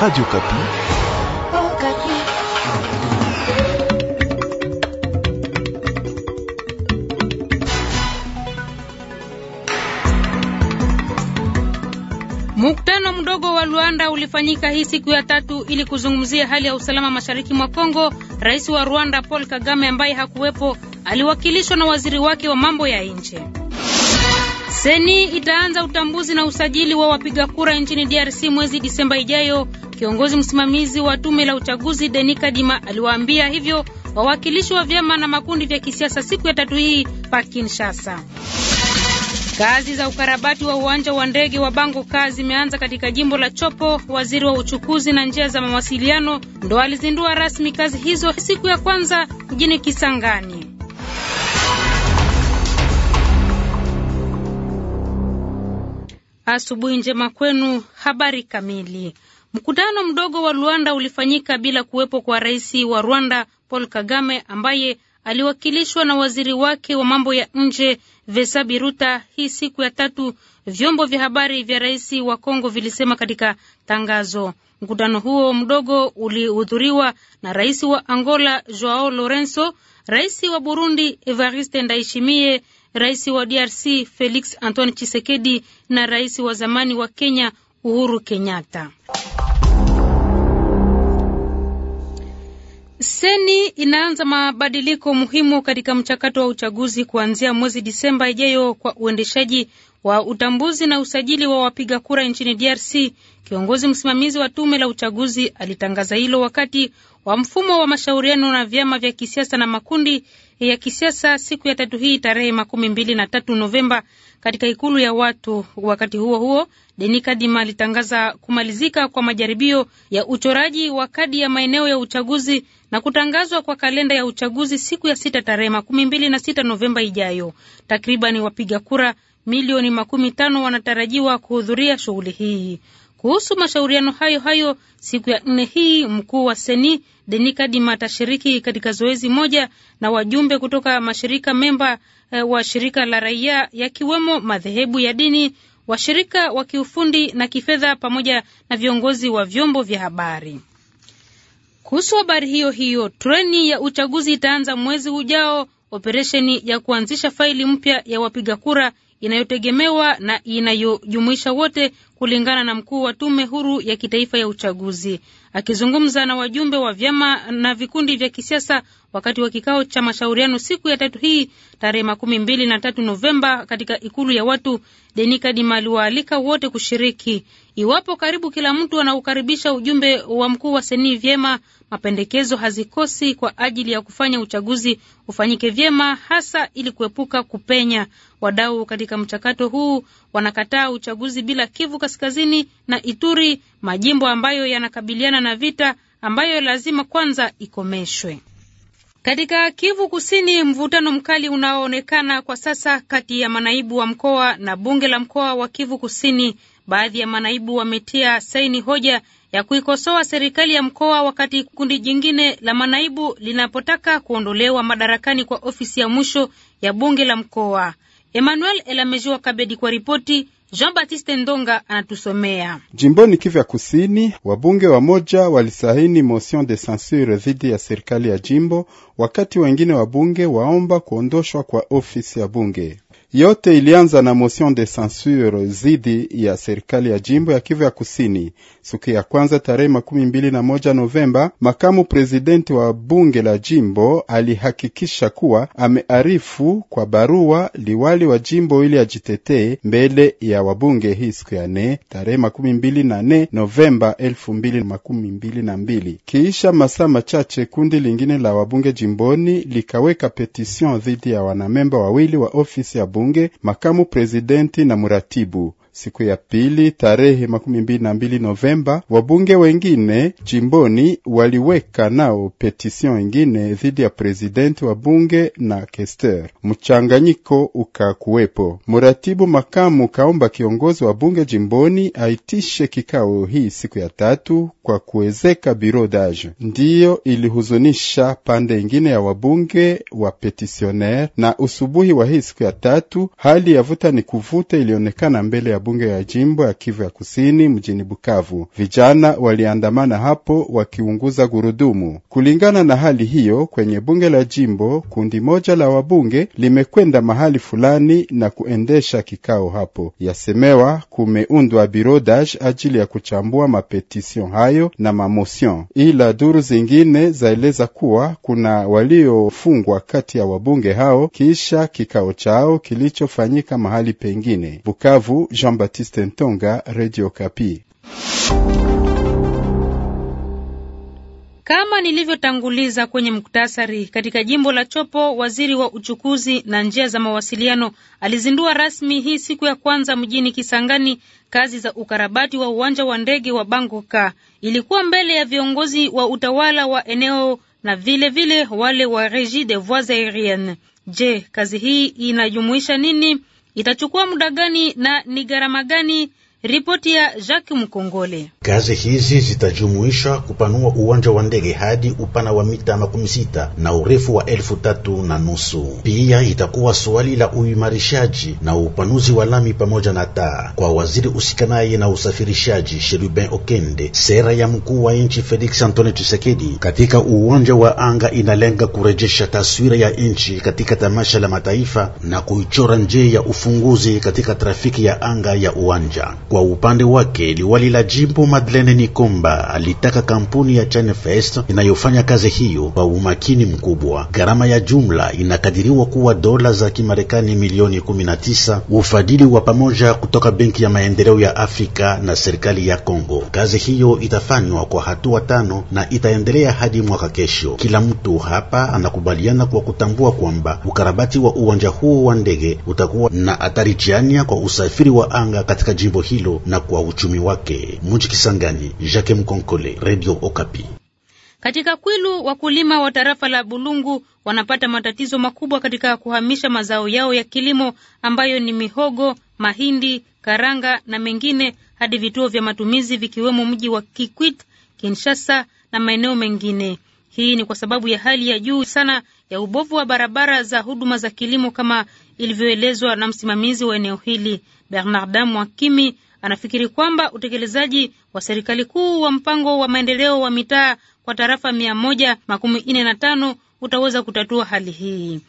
Radio Kapi. Oh, Kapi. Mkutano mdogo wa Luanda ulifanyika hii siku ya tatu ili kuzungumzia hali ya usalama mashariki mwa Kongo. Rais wa Rwanda Paul Kagame ambaye hakuwepo aliwakilishwa na waziri wake wa mambo ya nje. Seni itaanza utambuzi na usajili wa wapiga kura nchini DRC mwezi Disemba ijayo. Kiongozi msimamizi wa tume la uchaguzi Denis Kadima aliwaambia hivyo wawakilishi wa vyama na makundi vya kisiasa siku ya tatu hii pa Kinshasa. Kazi za ukarabati wa uwanja wa ndege wa Bango Kazi zimeanza katika jimbo la Chopo. Waziri wa uchukuzi na njia za mawasiliano ndo alizindua rasmi kazi hizo siku ya kwanza mjini Kisangani. Asubuhi njema kwenu. Habari kamili. Mkutano mdogo wa Luanda ulifanyika bila kuwepo kwa rais wa Rwanda Paul Kagame ambaye aliwakilishwa na waziri wake wa mambo ya nje Vesa Biruta hii siku ya tatu, vyombo vya habari vya rais wa Kongo vilisema katika tangazo. Mkutano huo mdogo ulihudhuriwa na rais wa Angola Joao Lorenzo, rais wa Burundi Evariste Ndayishimiye, rais wa DRC Felix Antoine Chisekedi na rais wa zamani wa Kenya Uhuru Kenyatta. Seni inaanza mabadiliko muhimu katika mchakato wa uchaguzi kuanzia mwezi Disemba ijayo kwa uendeshaji wa utambuzi na usajili wa wapiga kura nchini DRC Kiongozi msimamizi wa tume la uchaguzi alitangaza hilo wakati wa mfumo wa mashauriano na vyama vya kisiasa na makundi ya kisiasa siku ya tatu hii tarehe makumi mbili na tatu Novemba katika ikulu ya watu. Wakati huo huo, Deni Kadima alitangaza kumalizika kwa majaribio ya uchoraji wa kadi ya maeneo ya uchaguzi na kutangazwa kwa kalenda ya uchaguzi siku ya sita tarehe makumi mbili na sita Novemba ijayo. Takribani wapiga kura milioni makumi tano wanatarajiwa kuhudhuria shughuli hii. Kuhusu mashauriano hayo hayo, siku ya nne hii mkuu wa seni Denikadima atashiriki katika zoezi moja na wajumbe kutoka mashirika memba e, wa shirika la raia yakiwemo madhehebu ya dini, washirika wa kiufundi na kifedha, pamoja na viongozi wa vyombo vya habari. Kuhusu habari hiyo hiyo, treni ya uchaguzi itaanza mwezi ujao operesheni ya kuanzisha faili mpya ya wapiga kura inayotegemewa na inayojumuisha wote kulingana na mkuu wa tume huru ya kitaifa ya uchaguzi akizungumza na wajumbe wa vyama na vikundi vya kisiasa wakati wa kikao cha mashauriano siku ya tatu hii tarehe makumi mbili na tatu Novemba katika ikulu ya watu. Denikadi aliwaalika wote kushiriki. Iwapo karibu kila mtu anaukaribisha ujumbe wa mkuu wa seni vyema, mapendekezo hazikosi kwa ajili ya kufanya uchaguzi ufanyike vyema, hasa ili kuepuka kupenya. Wadau katika mchakato huu wanakataa uchaguzi bila Kivu Kaskazini na Ituri, majimbo ambayo yanakabiliana na vita ambayo lazima kwanza ikomeshwe. Katika Kivu Kusini, mvutano mkali unaoonekana kwa sasa kati ya manaibu wa mkoa na bunge la mkoa wa Kivu Kusini baadhi ya manaibu wametia saini hoja ya kuikosoa serikali ya mkoa, wakati kundi jingine la manaibu linapotaka kuondolewa madarakani kwa ofisi ya mwisho ya bunge la mkoa. Emmanuel Elamejiwa Kabedi kwa ripoti. Jean-Baptiste Ndonga anatusomea. Jimboni Kivu ya Kusini, wabunge wa moja walisahini motion de censure dhidi ya serikali ya jimbo, wakati wengine wabunge waomba kuondoshwa kwa ofisi ya bunge. Yote ilianza na motion de censure dhidi ya serikali ya jimbo ya Kivu ya Kusini. Siku ya kwanza tarehe makumi mbili na moja Novemba, makamu prezidenti wa bunge la jimbo alihakikisha kuwa amearifu kwa barua liwali wa jimbo ili ajitetee mbele ya wabunge. Hii siku ya nne tarehe makumi mbili na nne Novemba elfu mbili makumi mbili na mbili. Kiisha masaa machache kundi lingine la wabunge jimboni likaweka petition dhidi ya wanamemba wawili wa ofisi ya bunge bunge, makamu prezidenti na muratibu. Siku ya pili tarehe makumi mbili na mbili Novemba, wabunge wengine jimboni waliweka nao petision ingine dhidi ya prezidenti wa bunge na kester. Mchanganyiko ukakuwepo. Muratibu makamu kaomba kiongozi wa bunge jimboni aitishe kikao hii siku ya tatu kwa kuwezeka birodage. Ndiyo ilihuzunisha pande ingine ya wabunge wa petisioner, na usubuhi wa hii siku ya tatu hali ya vuta ni kuvuta ilionekana mbele ya bunge ya jimbo ya Kivu ya Kusini mjini Bukavu. Vijana waliandamana hapo wakiunguza gurudumu. Kulingana na hali hiyo, kwenye bunge la jimbo, kundi moja la wabunge limekwenda mahali fulani na kuendesha kikao hapo. Yasemewa kumeundwa birodage ajili ya kuchambua mapetision hayo na mamosion, ila duru zingine zaeleza kuwa kuna waliofungwa kati ya wabunge hao kisha kikao chao kilichofanyika mahali pengine Bukavu. Jean Jean-Baptiste Ntonga, Radio Kapi. Kama nilivyotanguliza kwenye muktasari, katika jimbo la Chopo, waziri wa uchukuzi na njia za mawasiliano alizindua rasmi hii siku ya kwanza mjini Kisangani kazi za ukarabati wa uwanja wa ndege wa Bangoka. Ilikuwa mbele ya viongozi wa utawala wa eneo na vile vile wale wa Regie des Voies Aeriennes. Je, kazi hii inajumuisha nini? Itachukua muda gani na ni gharama gani Ripoti ya Jacques Mkongole. Kazi hizi zitajumuisha kupanua uwanja wa ndege hadi upana wa mita makumi sita na urefu wa elfu tatu na nusu. Pia itakuwa swali la uimarishaji na upanuzi wa lami pamoja na taa. Kwa waziri usikanaye na usafirishaji Sherubin Okende, sera ya mkuu wa nchi Felix Antoine Tshisekedi katika uwanja wa anga inalenga kurejesha taswira ya nchi katika tamasha la mataifa na kuichora nje ya ufunguzi katika trafiki ya anga ya uwanja. Kwa upande wake liwali la jimbo Madeleine Nikomba alitaka kampuni ya Fest inayofanya kazi hiyo kwa umakini mkubwa. Gharama ya jumla inakadiriwa kuwa dola za Kimarekani milioni 19, ufadhili wa pamoja kutoka Benki ya Maendeleo ya Afrika na serikali ya Kongo. Kazi hiyo itafanywa kwa hatua tano na itaendelea hadi mwaka kesho. Kila mtu hapa anakubaliana kwa kutambua kwamba ukarabati wa uwanja huo wa ndege utakuwa na athari chanya kwa usafiri wa anga katika jimbo hili hilo na kwa uchumi wake. Mji Kisangani, Jacques Mkonkole, Radio Okapi. Katika Kwilu wakulima wa tarafa la Bulungu wanapata matatizo makubwa katika kuhamisha mazao yao ya kilimo ambayo ni mihogo, mahindi, karanga na mengine hadi vituo vya matumizi vikiwemo mji wa Kikwit, Kinshasa na maeneo mengine. Hii ni kwa sababu ya hali ya juu sana ya ubovu wa barabara za huduma za kilimo kama ilivyoelezwa na msimamizi wa eneo hili Bernarda Mwakimi Anafikiri kwamba utekelezaji wa serikali kuu wa mpango wa maendeleo wa mitaa kwa tarafa mia moja makumi nne na tano utaweza kutatua hali hii.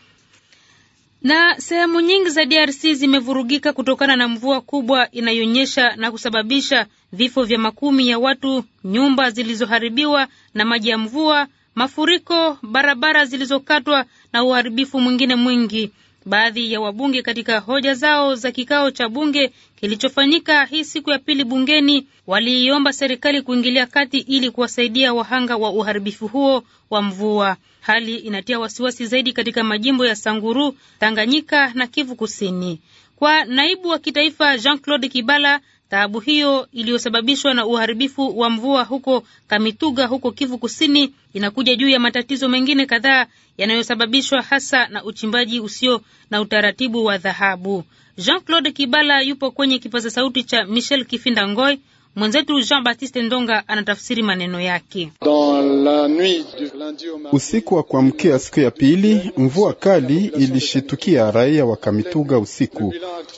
Na sehemu nyingi za DRC zimevurugika kutokana na mvua kubwa inayonyesha na kusababisha vifo vya makumi ya watu, nyumba zilizoharibiwa na maji ya mvua, mafuriko, barabara zilizokatwa na uharibifu mwingine mwingi. Baadhi ya wabunge katika hoja zao za kikao cha bunge kilichofanyika hii siku ya pili bungeni waliiomba serikali kuingilia kati ili kuwasaidia wahanga wa uharibifu huo wa mvua. Hali inatia wasiwasi zaidi katika majimbo ya Sanguru, Tanganyika na Kivu Kusini. Kwa naibu wa kitaifa Jean Claude Kibala Taabu hiyo iliyosababishwa na uharibifu wa mvua huko Kamituga huko Kivu Kusini inakuja juu ya matatizo mengine kadhaa yanayosababishwa hasa na uchimbaji usio na utaratibu wa dhahabu. Jean-Claude Kibala yupo kwenye kipaza sauti cha Michel Kifinda Ngoi Mwenzetu Jean Baptiste Ndonga anatafsiri maneno yake. Usiku wa kuamkia siku ya pili, mvua kali ilishitukia raia wa Kamituga usiku.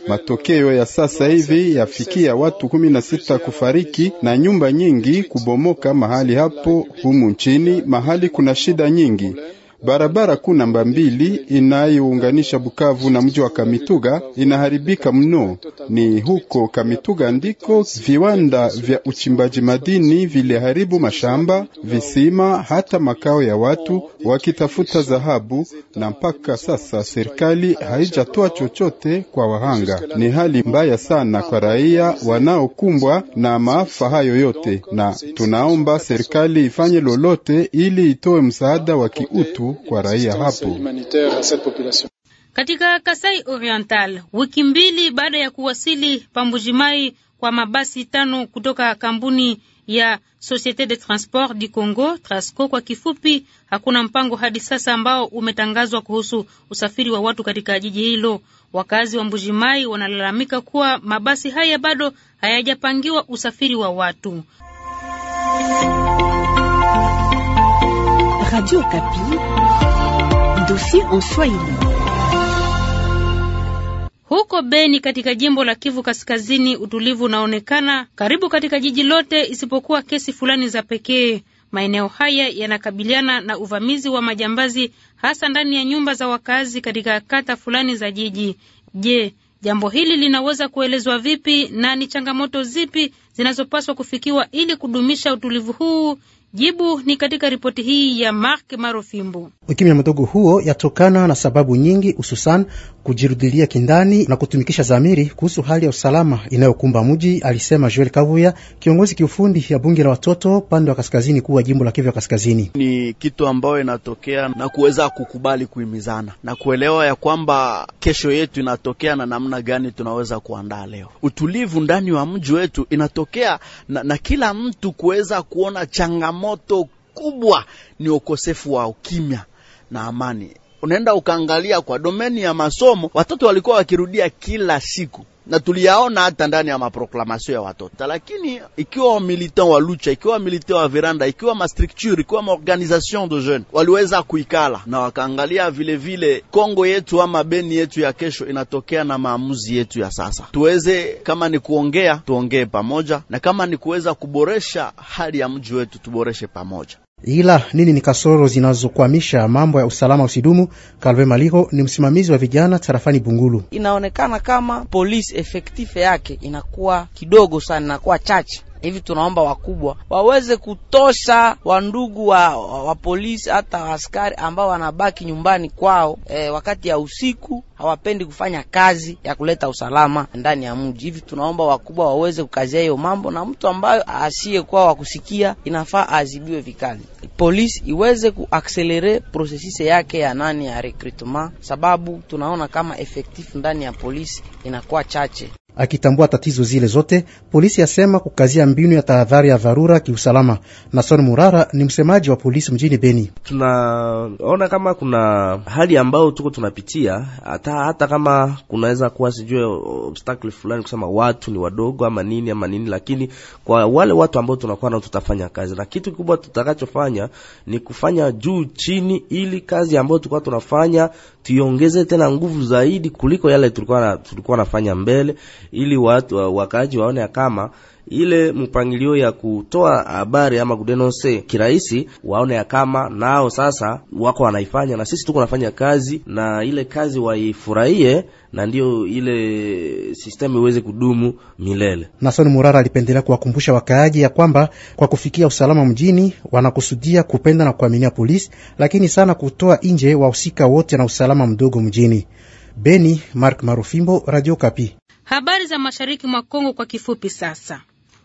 Matokeo ya sasa hivi yafikia watu kumi na sita kufariki na nyumba nyingi kubomoka mahali hapo humu nchini, mahali kuna shida nyingi. Barabara kuu namba mbili inayounganisha Bukavu na mji wa Kamituga inaharibika mno. Ni huko Kamituga ndiko viwanda vya uchimbaji madini viliharibu mashamba, visima, hata makao ya watu wakitafuta dhahabu, na mpaka sasa serikali haijatoa chochote kwa wahanga. Ni hali mbaya sana kwa raia wanaokumbwa na maafa hayo yote, na tunaomba serikali ifanye lolote ili itoe msaada wa kiutu kwa raia hapo. Katika Kasai Oriental, wiki mbili baada ya kuwasili Pambujimai kwa mabasi tano kutoka kampuni ya Societe de Transport du Congo Trasco kwa kifupi, hakuna mpango hadi sasa ambao umetangazwa kuhusu usafiri wa watu katika jiji hilo. Wakazi wa Mbujimai wanalalamika kuwa mabasi haya bado hayajapangiwa usafiri wa watu. Radio Okapi, dossier en Swahili. Huko Beni katika jimbo la Kivu Kaskazini, utulivu unaonekana karibu katika jiji lote isipokuwa kesi fulani za pekee. Maeneo haya yanakabiliana na uvamizi wa majambazi hasa ndani ya nyumba za wakazi katika kata fulani za jiji. Je, jambo hili linaweza kuelezwa vipi na ni changamoto zipi zinazopaswa kufikiwa ili kudumisha utulivu huu? Jibu ni katika ripoti hii ya Mark Marofimbo. Ukimya mdogo huo yatokana na sababu nyingi, hususan kujirudilia kindani na kutumikisha zamiri kuhusu hali ya usalama inayokumba mji, alisema Joel Kavuya, kiongozi kiufundi ya bunge la watoto upande wa kaskazini kuu wa jimbo la Kivu ya Kaskazini. Ni kitu ambayo inatokea na kuweza kukubali kuimizana na kuelewa ya kwamba kesho yetu inatokea na namna gani tunaweza kuandaa leo utulivu ndani wa mji wetu, inatokea na, na kila mtu kuweza kuona changamoto changamoto kubwa ni ukosefu wa ukimya na amani. Unaenda ukaangalia kwa domeni ya masomo, watoto walikuwa wakirudia kila siku na tuliyaona hata ndani ya maproklamasio ya watoto. Lakini ikiwa wa militant wa lucha, ikiwa militant wa veranda, ikiwa ma structure, ikiwa ma organisation de jeunes waliweza kuikala na wakaangalia vile vile Kongo yetu ama Beni yetu ya kesho inatokea na maamuzi yetu ya sasa. Tuweze kama ni kuongea tuongee pamoja, na kama ni kuweza kuboresha hali ya mji wetu tuboreshe pamoja. Ila nini ni kasoro zinazokwamisha mambo ya usalama usidumu? Kalve Maliho ni msimamizi wa vijana tarafani Bungulu. Inaonekana kama polisi efektife yake inakuwa kidogo sana, inakuwa chache hivi tunaomba wakubwa waweze kutosha wandugu wa, wa, wa polisi hata askari ambao wanabaki nyumbani kwao e, wakati ya usiku hawapendi kufanya kazi ya kuleta usalama ndani ya mji. Hivi tunaomba wakubwa waweze kukazia hiyo mambo, na mtu ambayo asiyekuwa wa kusikia inafaa azibiwe vikali. Polisi iweze kuakselere prosesise yake ya nani ya recruitment, sababu tunaona kama effective ndani ya polisi inakuwa chache. Akitambua tatizo zile zote, polisi yasema kukazia mbinu ya tahadhari ya dharura kiusalama. Nason Murara ni msemaji wa polisi mjini Beni. Tunaona kama kuna hali ambayo tuko tunapitia, hata hata kama kunaweza kuwa sijue obstacle fulani kusema watu ni wadogo ama nini ama nini, lakini kwa wale watu ambao tunakuwa nao tutafanya kazi, na kitu kikubwa tutakachofanya ni kufanya juu chini, ili kazi ambayo tulikuwa tunafanya tuiongeze tena nguvu zaidi kuliko yale tulikuwa na, tulikuwa nafanya mbele, ili watu wakaaji waone kama ile mpangilio ya kutoa habari ama kudenonse kirahisi, waone ya kama nao sasa wako wanaifanya, na sisi tuko nafanya kazi, na ile kazi waifurahie, na ndiyo ile sistemu iweze kudumu milele. Nason Murara alipendelea kuwakumbusha wakaaji ya kwamba kwa kufikia usalama mjini wanakusudia kupenda na kuaminia polisi, lakini sana kutoa nje wahusika wote na usalama mdogo mjini. Beni, Mark Marufimbo, Radio Kapi. Habari za mashariki mwa Kongo kwa kifupi sasa.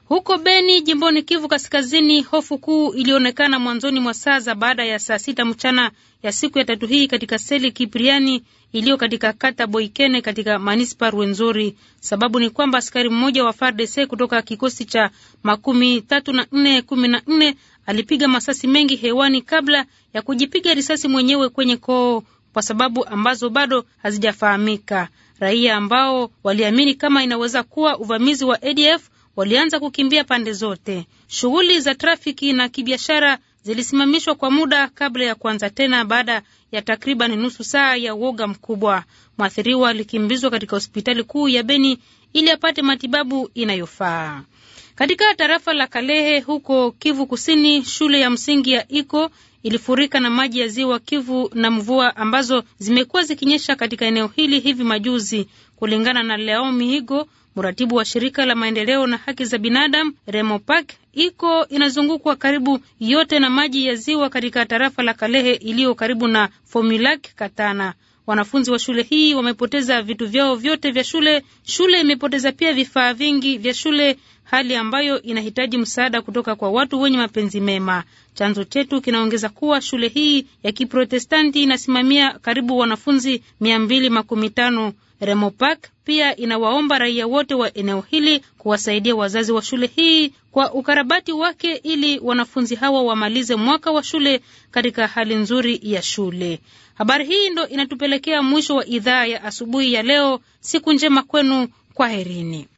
Huko Beni, jimboni Kivu Kaskazini, hofu kuu ilionekana mwanzoni mwa saa za baada ya saa sita mchana ya siku ya tatu hii katika seli Kipriani iliyo katika kata Boikene katika manispa ruenzori Sababu ni kwamba askari mmoja wa FARDC kutoka kikosi cha makumi tatu na nne kumi na nne alipiga masasi mengi hewani kabla ya kujipiga risasi mwenyewe kwenye koo kwa sababu ambazo bado hazijafahamika. Raia ambao waliamini kama inaweza kuwa uvamizi wa ADF walianza kukimbia pande zote. Shughuli za trafiki na kibiashara zilisimamishwa kwa muda kabla ya kuanza tena baada ya takriban nusu saa ya uoga mkubwa. Mwathiriwa alikimbizwa katika hospitali kuu ya Beni ili apate matibabu inayofaa. Katika tarafa la Kalehe huko Kivu Kusini, shule ya msingi ya Iko ilifurika na maji ya ziwa Kivu na mvua ambazo zimekuwa zikinyesha katika eneo hili hivi majuzi, kulingana na Leo Mihigo, mratibu wa shirika la maendeleo na haki za binadamu Remopak. Iko inazungukwa karibu yote na maji ya ziwa katika tarafa la Kalehe iliyo karibu na Fomulak Katana. Wanafunzi wa shule hii wamepoteza vitu vyao vyote vya shule. Shule imepoteza pia vifaa vingi vya shule, hali ambayo inahitaji msaada kutoka kwa watu wenye mapenzi mema. Chanzo chetu kinaongeza kuwa shule hii ya Kiprotestanti inasimamia karibu wanafunzi mia mbili makumi tano. Remopak pia inawaomba raia wote wa eneo hili kuwasaidia wazazi wa shule hii kwa ukarabati wake ili wanafunzi hawa wamalize mwaka wa shule katika hali nzuri ya shule. Habari hii ndo inatupelekea mwisho wa idhaa ya asubuhi ya leo. Siku njema kwenu, kwaherini.